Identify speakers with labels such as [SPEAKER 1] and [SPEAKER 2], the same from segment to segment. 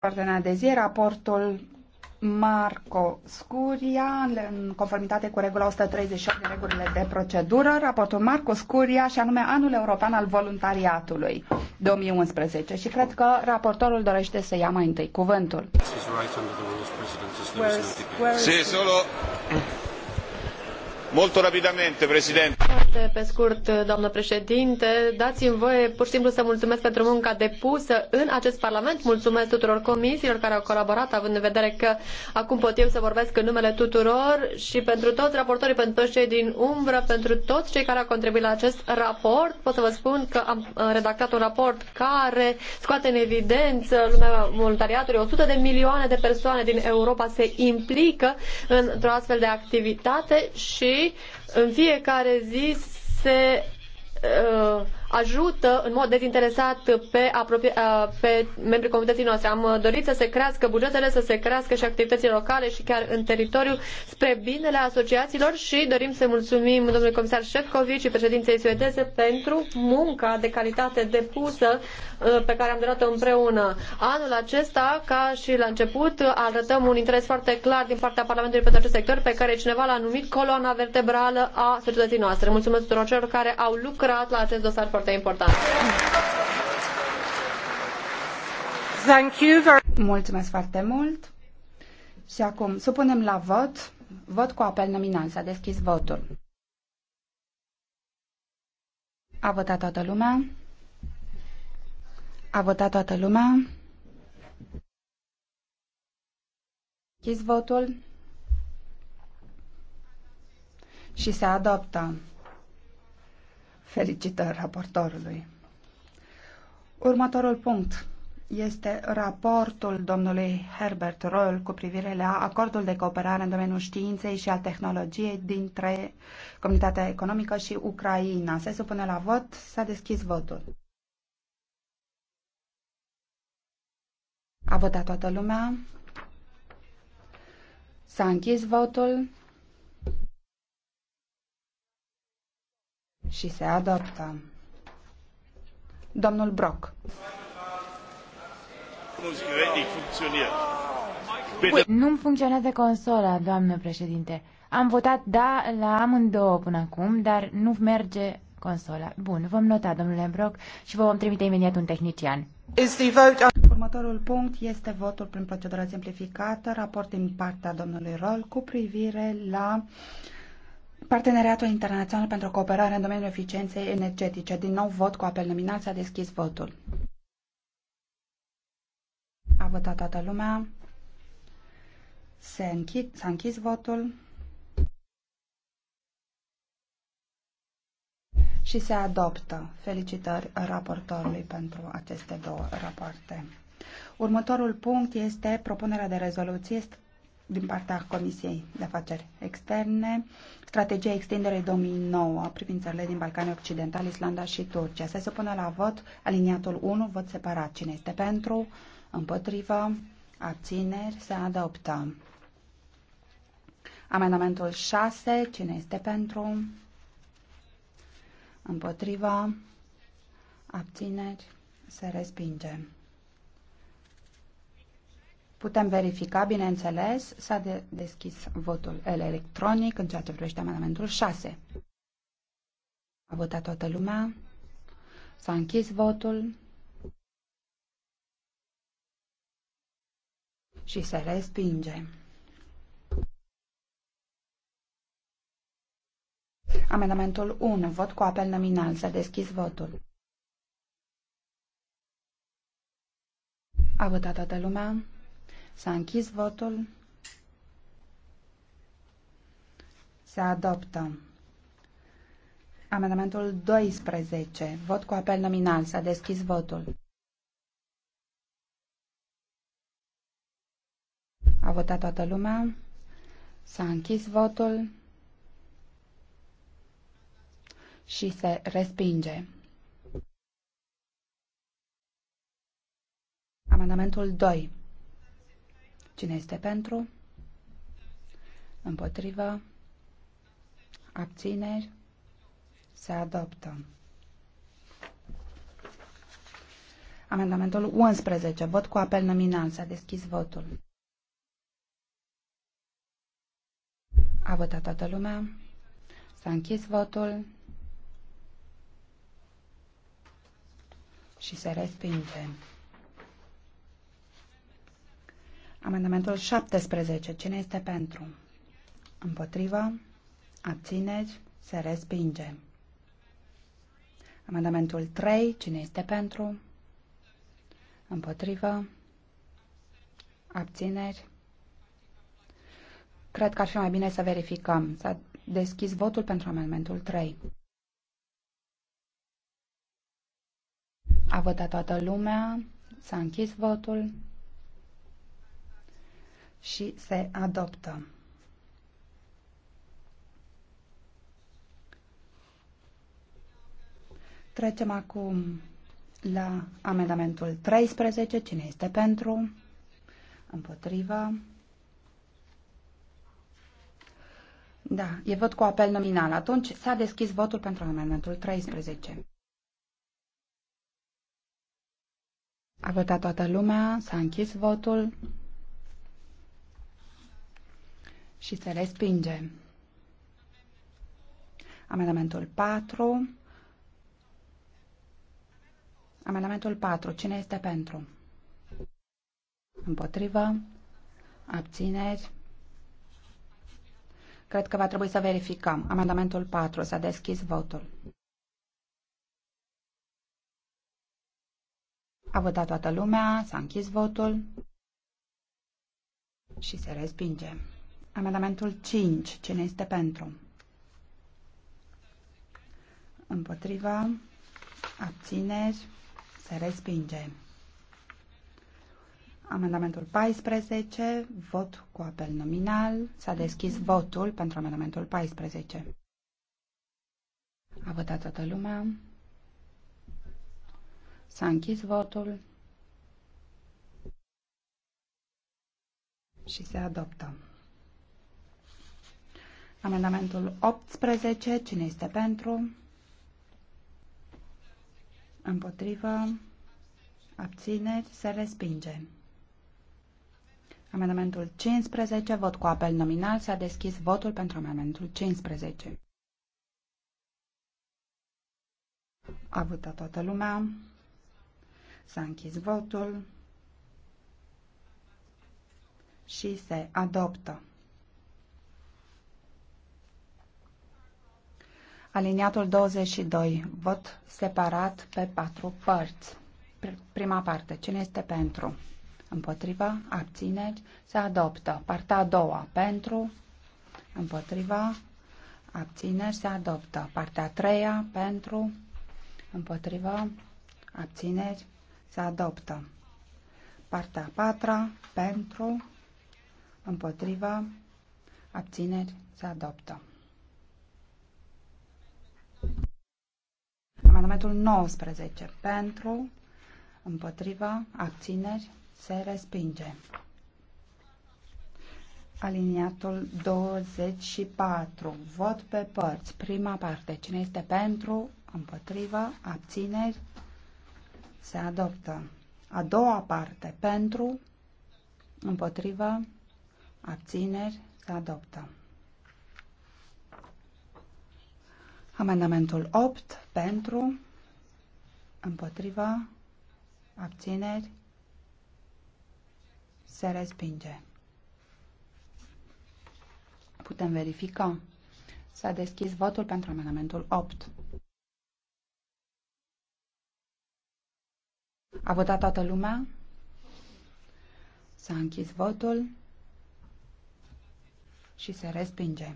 [SPEAKER 1] ordinea de zi raportul Marco Scuria, în conformitate cu regula 138 de regulile de procedură, raportul Marco Scuria și anume Anul European al Voluntariatului 2011 și cred că raportorul dorește să ia mai întâi
[SPEAKER 2] cuvântul. Sì, solo molto rapidamente, Presidente. Foarte pe scurt, doamnă președinte, dați-mi voie pur și simplu să mulțumesc pentru munca depusă în acest Parlament. Mulțumesc tuturor comisiilor care au colaborat, având în vedere că acum pot eu să vorbesc în numele tuturor și pentru toți raportorii, pentru toți cei din umbră, pentru toți cei care au contribuit la acest raport. Pot să vă spun că am redactat un raport care scoate în evidență lumea voluntariatului. 100 de milioane de persoane din Europa se implică într-o astfel de activitate și în fiecare zi se uh, ajută în mod dezinteresat pe, apropie, pe membrii comunității noastre. Am uh, dorit să se crească bugetele, să se crească și activitățile locale și chiar în teritoriu spre binele asociațiilor și dorim să mulțumim domnului comisar Șefcovici și președinței suedeze pentru munca de calitate depusă uh, pe care am dorit o împreună. Anul acesta, ca și la început, arătăm un interes foarte clar din partea Parlamentului pentru acest sector pe care cineva l-a numit coloana vertebrală a societății noastre. Mulțumesc tuturor celor care au lucrat la acest dosar foarte important. Thank you very...
[SPEAKER 1] Mulțumesc foarte mult. Și acum, supunem la vot. Vot cu apel nominal. S-a deschis votul. A votat toată lumea? A votat toată lumea? Chis votul? Și se adoptă. Felicitări raportorului. Următorul punct este raportul domnului Herbert Roll cu privire la acordul de cooperare în domeniul științei și al tehnologiei dintre Comunitatea Economică și Ucraina. Se supune la vot, s-a deschis votul. A votat toată lumea. S-a închis votul. și se adoptă. Domnul Brock. Nu-mi funcționează consola, doamnă președinte. Am votat da la amândouă până acum, dar nu merge consola. Bun, vom nota, domnule Brock, și vă vom trimite imediat un tehnician. Următorul punct este votul prin procedură simplificată, raport din partea domnului Rol cu privire la uh, Parteneriatul Internațional pentru Cooperare în domeniul eficienței energetice. Din nou vot cu apel nominal. S-a deschis votul. A votat toată lumea. S-a închis, închis votul. și se adoptă. Felicitări raportorului pentru aceste două rapoarte. Următorul punct este propunerea de rezoluție din partea Comisiei de Afaceri Externe, strategia extinderei 2009 privind țările din Balcanii Occidental, Islanda și Turcia. Se supune la vot aliniatul 1, vot separat. Cine este pentru? Împotrivă? Abțineri? Se adoptă. Amendamentul 6. Cine este pentru? Împotriva? Abțineri? Se respinge. Putem verifica, bineînțeles, s-a de deschis votul electronic în ceea ce privește amendamentul 6. A votat toată lumea. S-a închis votul. Și se respinge. Amendamentul 1. Vot cu apel nominal. S-a deschis votul. A votat toată lumea. S-a închis votul. Se adoptă. Amendamentul 12. Vot cu apel nominal. S-a deschis votul. A votat toată lumea. S-a închis votul. Și se respinge. Amendamentul 2. Cine este pentru? Împotrivă? Abțineri? Se adoptă. Amendamentul 11. Vot cu apel nominal. S-a deschis votul. A votat toată lumea. S-a închis votul. Și se respinge. Amendamentul 17. Cine este pentru? Împotriva? Abțineri? Se respinge. Amendamentul 3. Cine este pentru? Împotrivă? Abțineri? Cred că ar fi mai bine să verificăm. S-a deschis votul pentru amendamentul 3. A votat toată lumea. S-a închis votul și se adoptă. Trecem acum la amendamentul 13. Cine este pentru? Împotriva? Da, e vot cu apel nominal. Atunci s-a deschis votul pentru amendamentul 13. A votat toată lumea, s-a închis votul și se respinge. Amendamentul 4. Amendamentul 4. Cine este pentru? Împotrivă? Abțineri? Cred că va trebui să verificăm. Amendamentul 4. S-a deschis votul. A votat toată lumea, s-a închis votul și se respinge. Amendamentul 5. Cine este pentru? Împotriva. Abțineri. Se respinge. Amendamentul 14. Vot cu apel nominal. S-a deschis votul pentru amendamentul 14. A votat toată lumea. S-a închis votul. Și se adoptă. Amendamentul 18. Cine este pentru? Împotrivă. Abțineri. Se respinge. Amendamentul 15. Vot cu apel nominal. S-a deschis votul pentru amendamentul 15. A votat toată lumea. S-a închis votul. Și se adoptă. Aliniatul 22. Vot separat pe patru părți. Prima parte. Cine este pentru? Împotriva? Abțineri? Se adoptă. Partea a doua. Pentru? Împotriva? Abțineri? Se adoptă. Partea a treia. Pentru? Împotriva? Abțineri? Se adoptă. Partea a patra. Pentru? Împotriva? Abțineri? Se adoptă. Amendamentul 19 pentru, împotriva, abțineri, se respinge. Aliniatul 24. Vot pe părți. Prima parte. Cine este pentru, împotriva, abțineri, se adoptă. A doua parte. Pentru, împotriva, abțineri, se adoptă. Amendamentul 8. Pentru, împotriva, abțineri, se respinge. Putem verifica. S-a deschis votul pentru amendamentul 8. A votat toată lumea? S-a închis votul și se respinge.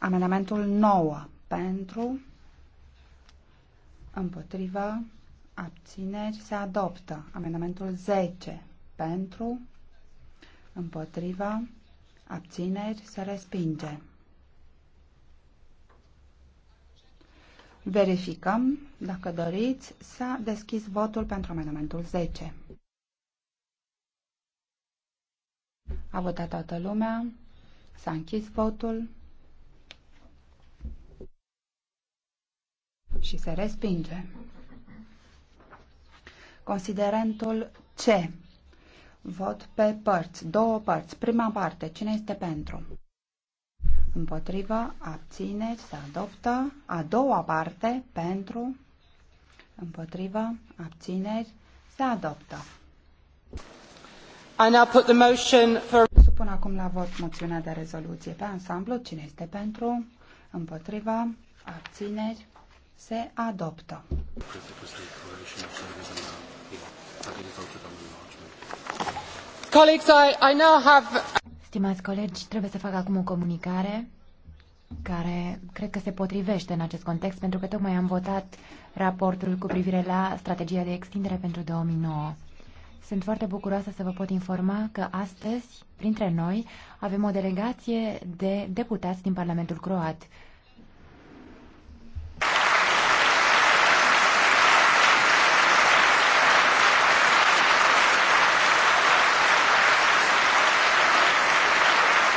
[SPEAKER 1] Amendamentul 9 pentru împotrivă, abțineri, se adoptă. Amendamentul 10 pentru, împotrivă, abțineri, se respinge. Verificăm, dacă doriți, s-a deschis votul pentru amendamentul 10. A votat toată lumea, s-a închis votul. și se respinge. Considerentul C. Vot pe părți. Două părți. Prima parte. Cine este pentru? Împotrivă. abține, Se adoptă. A doua parte. Pentru. Împotrivă. abține, Se adoptă. I now put the motion for... Supun acum la vot moțiunea de rezoluție pe ansamblu. Cine este pentru? Împotriva? abține, se adoptă. Stimați colegi, trebuie să fac acum o comunicare care cred că se potrivește în acest context, pentru că tocmai am votat raportul cu privire la strategia de extindere pentru 2009. Sunt foarte bucuroasă să vă pot informa că astăzi, printre noi, avem o delegație de deputați din Parlamentul Croat.